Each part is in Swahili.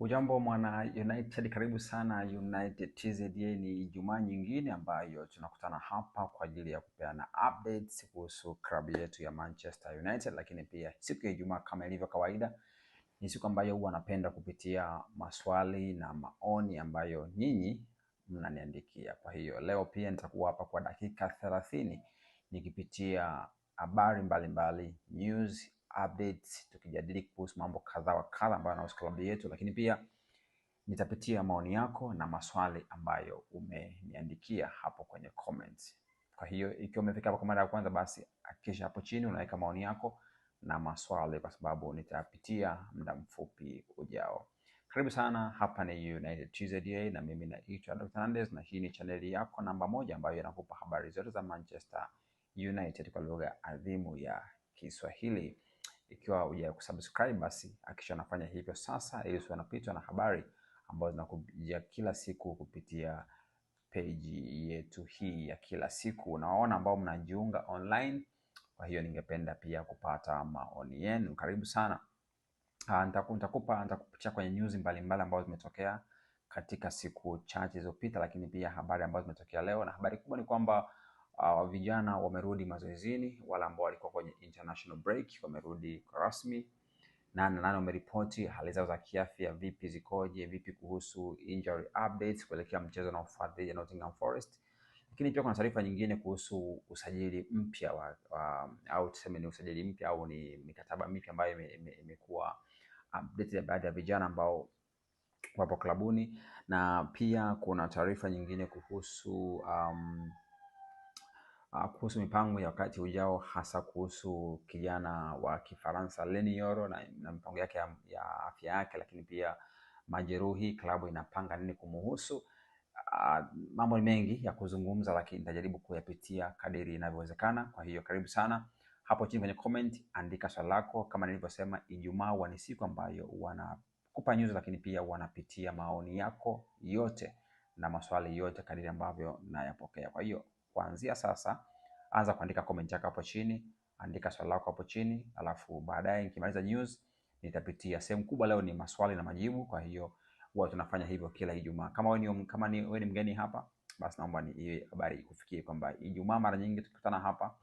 Ujambo mwana United, karibu sana United TZA. Ni Ijumaa nyingine ambayo tunakutana hapa kwa ajili ya kupeana updates kuhusu klabu yetu ya Manchester United, lakini pia siku ya Ijumaa kama ilivyo kawaida ni siku ambayo huwa napenda kupitia maswali na maoni ambayo nyinyi mnaniandikia. Kwa hiyo leo pia nitakuwa hapa kwa dakika thelathini nikipitia habari mbalimbali, news updates tujadili kuhusu mambo kadha wa kadha ambayo yanahusu klabu yetu, lakini pia nitapitia maoni yako na maswali ambayo umeniandikia hapo kwenye comments. Kwa hiyo ikiwa umefika hapo kwa mara ya kwanza, basi hakikisha hapo chini unaweka maoni yako na maswali, kwa sababu nitapitia muda mfupi ujao. Karibu sana, hapa ni United TZA na mimi naitwa Dr. Hernandez na hii ni chaneli yako namba moja ambayo inakupa habari zote za Manchester United kwa lugha adhimu ya Kiswahili. Ikiwa uja kusubscribe, basi akisha unafanya hivyo sasa, ili usiwe unapitwa na habari ambazo zinakuja kila siku kupitia peji yetu hii ya kila siku. Unaona ambao mnajiunga online. Kwa hiyo ningependa pia kupata maoni yenu, karibu sana. Ah, nitakupa, nitakupitia kwenye news mbalimbali ambazo zimetokea katika siku chache zilizopita, lakini pia habari ambazo zimetokea leo, na habari kubwa ni kwamba uh, vijana wamerudi mazoezini, wale ambao walikuwa kwenye international break wamerudi rasmi. Nani nani wameripoti hali zao za kiafya vipi, zikoje, vipi kuhusu injury updates kuelekea mchezo na ufadhi ya Nottingham Forest. Lakini pia kuna taarifa nyingine kuhusu usajili mpya wa, wa, au tuseme ni usajili mpya au ni mikataba mipya ambayo imekuwa updated baada ya vijana ambao wapo klabuni, na pia kuna taarifa nyingine kuhusu um, uh, kuhusu mipango ya wakati ujao, hasa kuhusu kijana wa Kifaransa Leny Yoro na, na mipango yake ya, ya afya yake, lakini pia majeruhi, klabu inapanga nini kumuhusu. Uh, mambo ni mengi ya kuzungumza, lakini nitajaribu kuyapitia kadiri inavyowezekana. Kwa hiyo karibu sana hapo chini kwenye comment, andika swali lako. Kama nilivyosema, Ijumaa huwa ni siku ambayo wanakupa news, lakini pia wanapitia maoni yako yote na maswali yote kadiri ambavyo nayapokea. Kwa hiyo kuanzia sasa, anza kuandika comment yako hapo chini, andika swali lako hapo chini, alafu baadaye nikimaliza news nitapitia. Sehemu kubwa leo ni maswali na majibu, kwa hiyo huwa tunafanya hivyo kila Ijumaa. Kama wewe ni kama ni wewe ni mgeni hapa, basi naomba ni hiyo habari ikufikie kwamba Ijumaa mara nyingi tukikutana hapa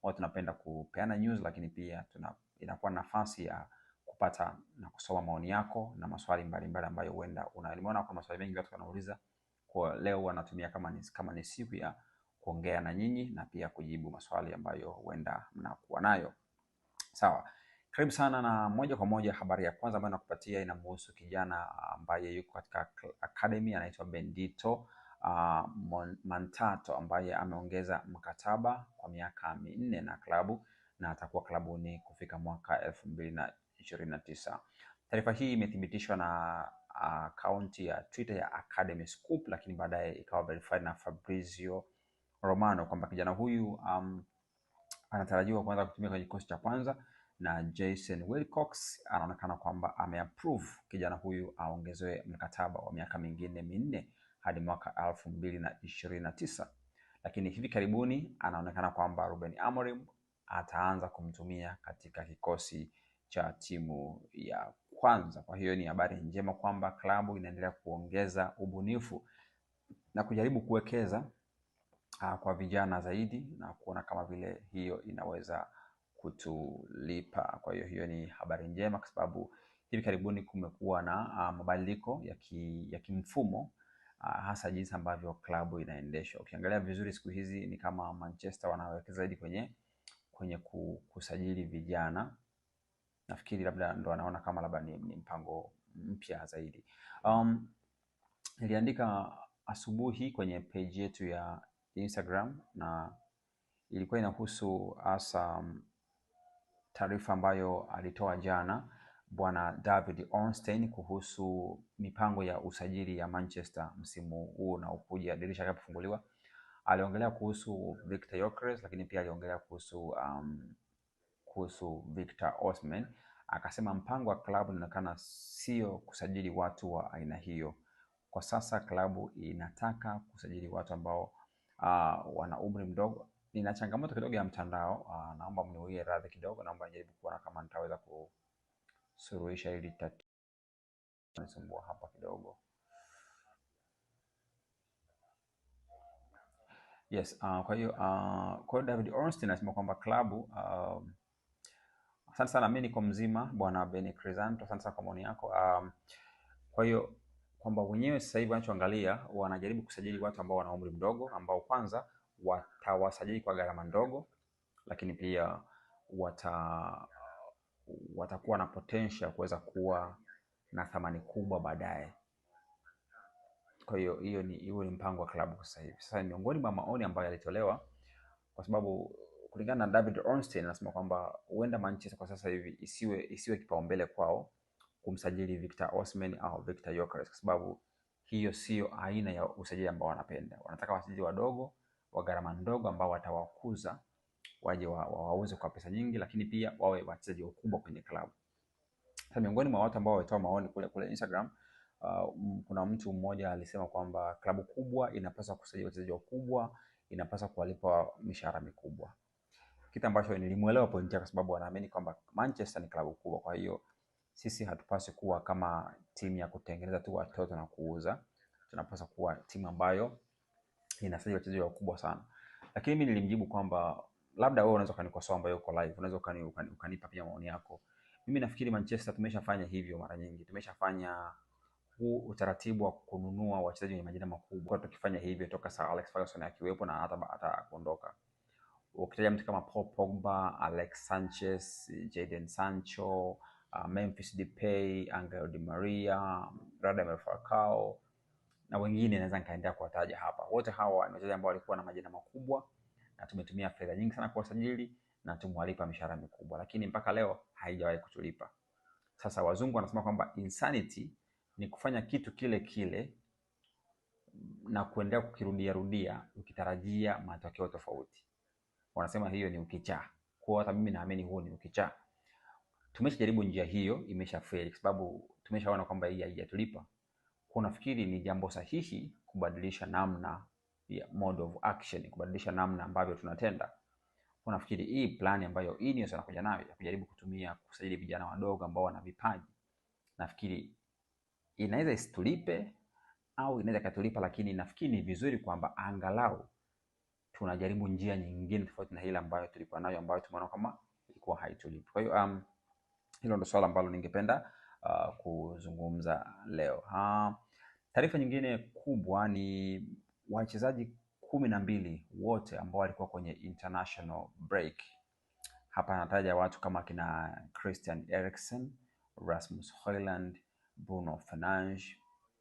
huwa tunapenda kupeana news, lakini pia tuna inakuwa nafasi ya kupata na kusoma maoni yako na maswali mbalimbali ambayo huenda una nimeona kuna maswali mengi watu wanauliza kwa leo, wanatumia kama ni, kama ni siku ya kuongea na nyinyi na pia kujibu maswali ambayo huenda mnakuwa nayo. Sawa. Karibu sana na moja kwa moja. Habari ya kwanza ambayo nakupatia inamhusu kijana ambaye yuko katika academy anaitwa Bendito uh, Mantato ambaye ameongeza mkataba kwa miaka minne na klabu na atakuwa klabuni kufika mwaka elfu mbili na ishirini na tisa. Taarifa hii imethibitishwa na akaunti ah, uh, ya Twitter ya Academy Scoop, lakini baadaye ikawa verified na Fabrizio Romano kwamba kijana huyu um, anatarajiwa kuanza kutumia kwenye kikosi cha kwanza na Jason Wilcox anaonekana kwamba ameapprove kijana huyu aongezewe mkataba wa miaka mingine minne hadi mwaka elfu mbili na ishirini na tisa lakini hivi karibuni anaonekana kwamba Ruben Amorim ataanza kumtumia katika kikosi cha timu ya kwanza. Kwa hiyo ni habari njema kwamba klabu inaendelea kuongeza ubunifu na kujaribu kuwekeza uh, kwa vijana zaidi na kuona kama vile hiyo inaweza kutulipa. Kwa hiyo hiyo ni habari njema, kwa sababu hivi karibuni kumekuwa na uh, mabadiliko ya, ki, ya kimfumo uh, hasa jinsi ambavyo klabu inaendeshwa. Ukiangalia vizuri siku hizi ni kama Manchester wanawekeza zaidi kwenye kwenye kusajili vijana. Nafikiri labda ndo wanaona kama labda ni, ni mpango mpya zaidi. Um, niliandika asubuhi kwenye page yetu ya Instagram na ilikuwa inahusu hasa mm, taarifa ambayo alitoa jana Bwana David Ornstein kuhusu mipango ya usajili ya Manchester msimu huu ukuja dirisha linapofunguliwa. Aliongelea kuhusu Victor Gyökeres, lakini pia aliongelea kuhusu um, kuhusu Victor Osimhen. Akasema mpango wa klabu inaonekana sio kusajili watu wa aina hiyo. Kwa sasa klabu inataka kusajili watu ambao uh, wana umri mdogo. Nina changamoto kidogo ya mtandao uh, naomba mniwie radhi kidogo, naomba nijaribu kuona kama nitaweza kusuluhisha hili tatizo. Nisumbua hapa kidogo. Yes, uh, kwa hiyo uh, kwa David Ornstein anasema kwamba klabu uh, asante sana, mimi niko mzima bwana ben Crisanto, asante sana kwa maoni yako um, kwa hiyo kwamba wenyewe sasa hivi wanachoangalia wanajaribu kusajili watu ambao wana umri mdogo, ambao kwanza watawasajili kwa gharama ndogo, lakini pia wata watakuwa na potential kuweza kuwa na thamani kubwa baadaye. Kwa hiyo hiyo ni hiyo ni mpango wa klabu sasa hivi. Sasa miongoni mwa maoni ambayo yalitolewa, kwa sababu kulingana na David Ornstein anasema kwamba huenda Manchester kwa sasa hivi isiwe isiwe kipaumbele kwao kumsajili Victor Osimhen au Victor Gyökeres kwa sababu hiyo sio aina ya usajili ambao wanapenda. Wanataka wasajili wadogo wa gharama ndogo ambao watawakuza waje wawauze wa kwa pesa nyingi, lakini pia wawe wachezaji wakubwa kwenye klabu. Sasa miongoni mwa watu ambao wametoa maoni kule kule Instagram uh, kuna mtu mmoja alisema kwamba klabu kubwa inapaswa kusajili wachezaji wakubwa, inapaswa kuwalipa mishahara mikubwa, kitu ambacho nilimuelewa pointi yake, kwa sababu anaamini kwamba Manchester ni klabu kubwa, kwa hiyo sisi hatupaswi kuwa kama timu ya kutengeneza tu watoto na kuuza. Tunapaswa kuwa timu ambayo inasajili wachezaji wakubwa sana. Lakini mimi nilimjibu kwamba labda wewe unaweza ukanikosoa ambayo uko live, unaweza ukani, ukanipa pia maoni yako. Mimi nafikiri Manchester tumeshafanya hivyo mara nyingi, tumeshafanya huu utaratibu wa kununua wachezaji wenye majina makubwa. Kwa Tukifanya hivyo toka Sir Alex Ferguson akiwepo na hata kuondoka, ukitaja mtu kama Paul Pogba, Alex Sanchez, Jadon Sancho uh, Memphis Depay, Angel Di Maria, Radamel Falcao na wengine naweza nikaendelea kuwataja hapa. Wote hawa ni wachezaji ambao walikuwa na majina makubwa na tumetumia fedha nyingi sana kuwasajili na tumewalipa mishahara mikubwa, lakini mpaka leo haijawahi kutulipa. Sasa wazungu wanasema kwamba insanity ni kufanya kitu kile kile na kuendelea kukirudia rudia ukitarajia matokeo tofauti. Wanasema hiyo ni ukichaa. Kwa hata mimi naamini huo ni ukichaa. Tumeshajaribu njia hiyo, imeshafeli kwa sababu tumeshaona kwamba hii haijatulipa. Kwa nafikiri ni jambo sahihi kubadilisha namna ya mode of action, kubadilisha namna ambavyo tunatenda. Kwa nafikiri hii plan ambayo INEOS wanakuja nayo ya kujaribu kutumia kusajili vijana wadogo ambao wana vipaji, nafikiri inaweza isitulipe au inaweza ikatulipa, lakini nafikiri ni vizuri kwamba angalau tunajaribu njia nyingine tofauti na ile ambayo tulikuwa nayo ambayo tumeona kama ilikuwa haitulipi. Kwa hiyo um, hilo ndo swala ambalo ningependa uh, kuzungumza leo. Uh, taarifa nyingine kubwa ni wachezaji kumi na mbili wote ambao walikuwa kwenye international break. Hapa anataja watu kama kina Christian Eriksen, Rasmus Højlund, Bruno Fernandes,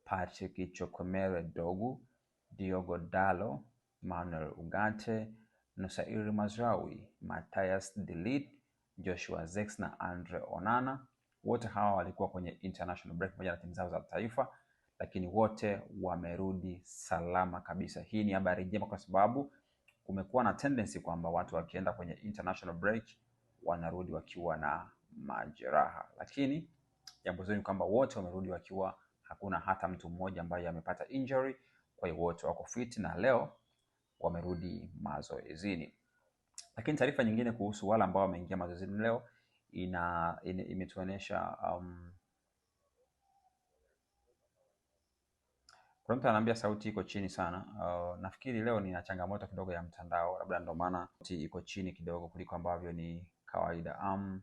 Patrick chokomere Dogu, Diogo dalo Manuel ugate Nusairi Mazraoui, matthias delit Joshua Zirkzee na Andre Onana. Wote hawa walikuwa kwenye international break pamoja na timu zao za taifa, lakini wote wamerudi salama kabisa. Hii ni habari njema kwa sababu kumekuwa na tendency kwamba watu wakienda kwenye international break wanarudi wakiwa na majeraha, lakini jambo zuri ni kwamba wote wamerudi wakiwa, hakuna hata mtu mmoja ambaye amepata injury. Kwa hiyo wote wako fit na leo wamerudi mazoezini. Lakini taarifa nyingine kuhusu wale ambao wameingia mazoezini leo ina, imetuonyesha um, kuna mtu anaambia sauti iko chini sana. Uh, nafikiri leo nina changamoto kidogo ya mtandao, labda ndio maana sauti iko chini kidogo kuliko ambavyo ni kawaida. Um,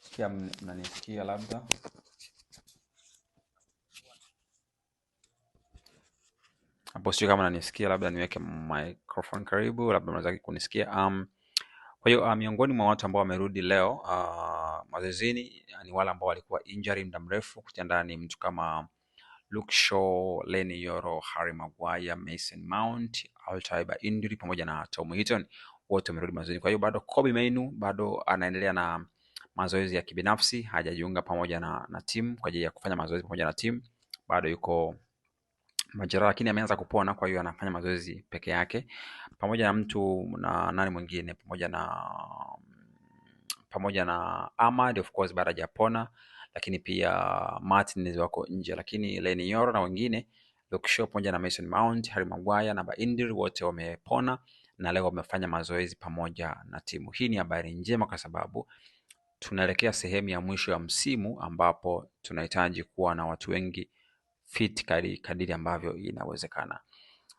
sikia mnanisikia labda hapo sio kama nanisikia, labda niweke microphone karibu, labda mnaweza kunisikia. Um, kwa hiyo uh, miongoni mwa watu ambao wamerudi leo uh, mazoezini uh, ni wale ambao walikuwa injury muda mrefu, kutia ndani mtu kama Luke Shaw, Lenny Yoro, Harry Maguire, Mason Mount, Altaiba Indri pamoja na Tom Heaton, wote wamerudi mazoezini. Kwa hiyo bado Kobe Mainu bado anaendelea na mazoezi ya kibinafsi, hajajiunga pamoja na, na timu kwa ajili ya kufanya mazoezi pamoja na timu, bado yuko majeraha, lakini ameanza kupona, kwa hiyo anafanya mazoezi peke yake pamoja na mtu na nani mwingine, pamoja na pamoja na Ahmad of course bara japona lakini pia Martinez wako nje, lakini Lenior na wengine Luke pamoja na Mason Mount, Harry Maguire na Baindir wote wamepona na leo wamefanya mazoezi pamoja na timu. Hii ni habari njema kwa sababu tunaelekea sehemu ya mwisho ya msimu ambapo tunahitaji kuwa na watu wengi fit kadiri ambavyo inawezekana.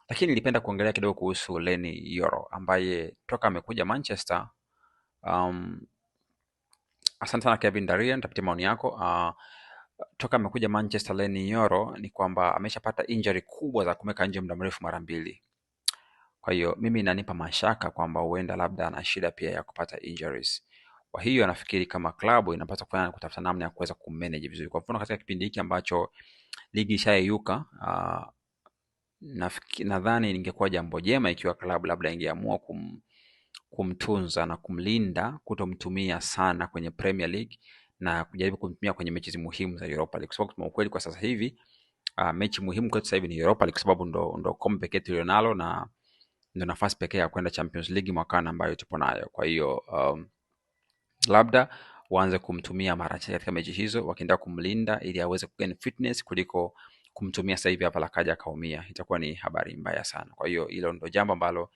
Lakini nilipenda kuongelea kidogo kuhusu leni Yoro ambaye toka amekuja Manchester um, asante sana Kevin Daria, nitapitia maoni yako uh, toka amekuja Manchester leni Yoro ni kwamba ameshapata injury kubwa za kumeka nje muda mrefu mara mbili. Kwa hiyo mimi inanipa mashaka kwamba huenda labda ana shida pia ya kupata injuries. Kwa hiyo nafikiri kama klabu inapaswa kufanya kutafuta namna ya kuweza kumanage vizuri. Kwa mfano katika kipindi hiki ambacho ligi ishayeyuka, ah, nadhani ningekuwa jambo jema ikiwa klabu labda ingeamua kum, kumtunza na kumlinda, kutomtumia sana kwenye Premier League na kujaribu kumtumia kwenye mechi muhimu za Europa League, kwa sababu kwa ukweli kwa sasa hivi uh, mechi muhimu kwetu sasa hivi ni Europa League, sababu ndo, ndo kombe pekee tulionalo na ndo nafasi pekee ya kwenda Champions League mwakani ambayo tupo nayo. Kwa hiyo um, labda waanze kumtumia mara chache katika mechi hizo, wakienda kumlinda ili aweze kugain fitness kuliko kumtumia sasa hivi hapa lakaja akaumia, itakuwa ni habari mbaya sana. Kwa hiyo hilo ndo jambo ambalo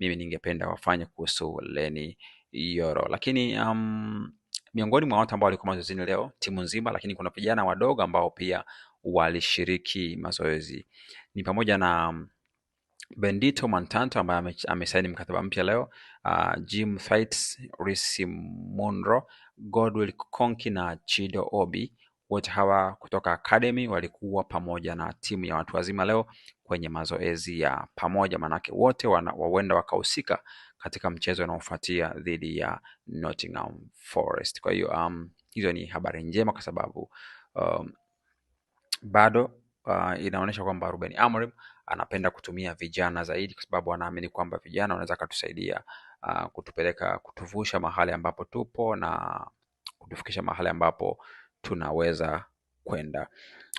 mimi ningependa wafanye kuhusu leni Yoro, lakini um, miongoni mwa watu ambao walikuwa mazoezini leo timu nzima, lakini kuna vijana wadogo ambao pia walishiriki mazoezi ni pamoja na um, Bendito Mantanto ambaye amesaini mkataba mpya leo. Uh, Jim thits Risi Munro Godwill Konki na Chido Obi wote hawa kutoka Academy walikuwa pamoja na timu ya watu wazima leo kwenye mazoezi ya pamoja, maanake wote wauenda wakahusika katika mchezo unaofuatia dhidi ya Nottingham Forest. Kwa hiyo um, hizo ni habari njema kwa sababu um, bado uh, inaonyesha kwamba Ruben Amorim anapenda kutumia vijana zaidi, kwa sababu anaamini kwamba vijana wanaweza akatusaidia uh, kutupeleka kutuvusha mahali ambapo tupo na kutufikisha mahali ambapo tunaweza kwenda.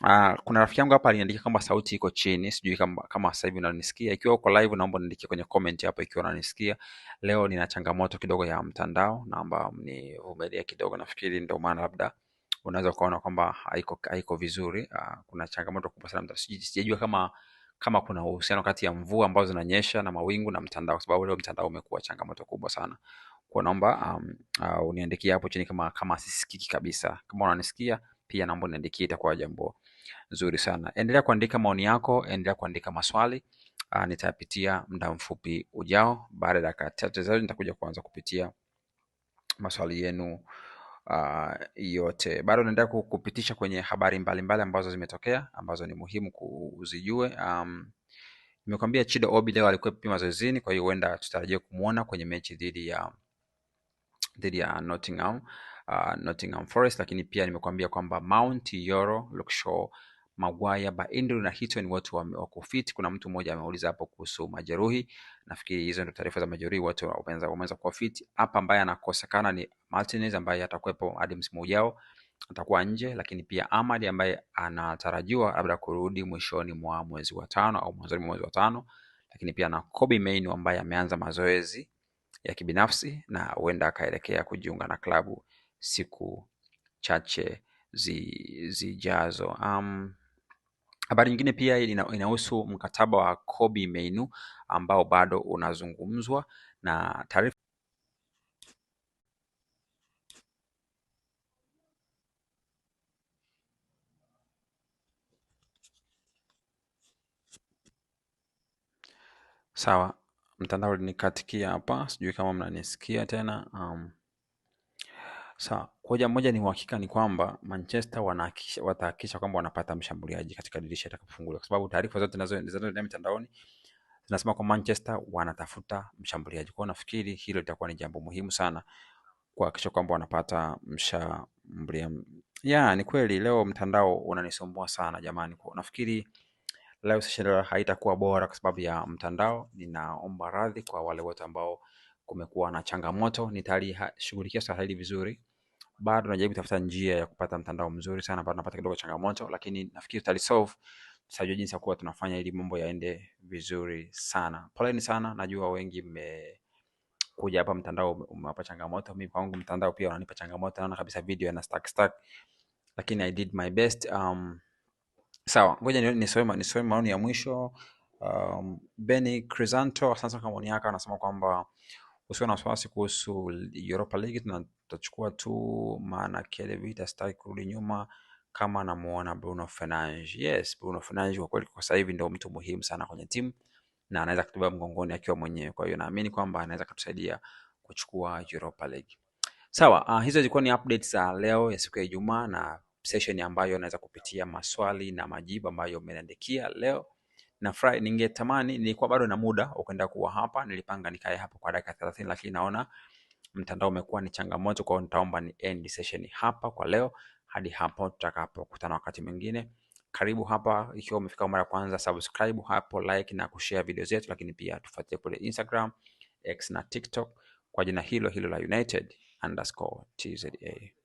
Uh, kuna rafiki yangu hapa aliniandikia kama sauti iko chini, sijui kama, kama sasa hivi unanisikia. Ikiwa uko live, naomba niandikie kwenye comment hapo ikiwa unanisikia. Leo nina changamoto kidogo ya mtandao, naomba mnivumilie kidogo. Nafikiri ndio maana labda unaweza ukaona kwamba haiko haiko vizuri. Uh, kuna changamoto kubwa sana, sijajua kama kama kuna uhusiano kati ya mvua ambazo zinanyesha na mawingu na mtandao, kwa sababu leo mtandao umekuwa changamoto kubwa sana. Kwa naomba um, uh, uniandikia hapo chini kama kama sisikiki kabisa. Kama unanisikia pia naomba uniandikie, itakuwa jambo nzuri sana. Endelea kuandika maoni yako, endelea kuandika maswali. Uh, nitayapitia muda mfupi ujao. Baada ya dakika chache nitakuja kuanza kupitia maswali yenu uh, yote. Bado naendelea kupitisha kwenye habari mbalimbali mbali ambazo zimetokea ambazo ni muhimu kuzijue. Um, nimekwambia Chido Obi leo alikuwa pia mazoezini, kwa hiyo huenda tutarajia kumwona kwenye mechi dhidi ya dhidi ya Nottingham, uh, Nottingham Forest, lakini pia nimekwambia kwamba Mount Yoro Lukshaw Maguire, Baindru na Hito ni watu wako fit. Kuna mtu mmoja ameuliza hapo kuhusu majeruhi. Nafikiri hizo ndio taarifa za majeruhi, watu wameanza kuwa fit. Hapa ambaye anakosekana ni Martinez ambaye atakuwepo hadi msimu ujao, atakuwa nje, lakini pia Ahmad ambaye anatarajiwa labda kurudi mwishoni mwa mwezi wa tano au mwanzoni mwa mwezi wa tano, lakini pia na Kobe Mainu ambaye ameanza mazoezi ya kibinafsi na huenda akaelekea kujiunga na klabu siku chache zijazo. Um, Habari nyingine pia inahusu mkataba wa Kobi Mainu ambao bado unazungumzwa na taarifa Sawa, mtandao ulinikatikia hapa, sijui kama mnanisikia tena um. Sa hoja moja ni uhakika ni kwamba Manchester watahakikisha kwamba wanapata mshambuliaji katika dirisha itakapofunguliwa, kwa sababu taarifa zote zinazoendelea mitandaoni zinasema kwa Manchester wanatafuta mshambuliaji. Kwa nafikiri hilo litakuwa ni jambo muhimu sana kuhakikisha kwamba wanapata mshambuliaji. Ya, ni kweli leo mtandao unanisumbua sana jamani. Kwa nafikiri leo session haitakuwa bora kwa sababu ya mtandao. Ninaomba radhi kwa wale wote ambao kumekuwa na changamoto, nitalishughulikia sasa hili vizuri bado najaribu kutafuta njia ya kupata mtandao mzuri sana, bado napata kidogo changamoto, lakini nafikiri tutalisolve. Tutajua jinsi ya kuwa tunafanya ili mambo yaende vizuri sana. Poleni sana, najua wengi kuja hapa, mtandao umewapa changamoto. Mimi kwangu mtandao pia unanipa changamoto, naona kabisa video ina stack stack, lakini I did my best. Um, sawa, ngoja nisome nisome maoni ya mwisho. Um, beni Crisanto, asante kwa maoni yako, anasema kwamba usiwe na wasiwasi kuhusu Europa League, tunachukua tu, maana Vita sitaki kurudi nyuma kama namuona Bruno Fernandes. Yes, Bruno Fernandes kwa kweli kwa sasa hivi ndio mtu muhimu sana kwenye timu na anaweza kutubeba mgongoni akiwa mwenyewe. Kwa hiyo naamini kwamba anaweza kutusaidia kuchukua Europa League. Sawa, uh, hizo zilikuwa ni updates za leo ya siku ya Ijumaa na session ambayo naweza kupitia maswali na majibu ambayo umeniandikia leo. Nafurahi, ningetamani nilikuwa bado na muda wa kuwa hapa, nilipanga nikae hapa kwa dakika 30 lakini naona mtandao umekuwa ni changamoto, kwa hiyo nitaomba ni end session hapa kwa leo hadi hapo tutakapokutana wakati mwingine. Karibu hapa, ikiwa umefika mara ya kwanza, subscribe hapo, like na kushare video zetu, lakini pia tufuatie kule Instagram, X na TikTok kwa jina hilo hilo la United_TZA.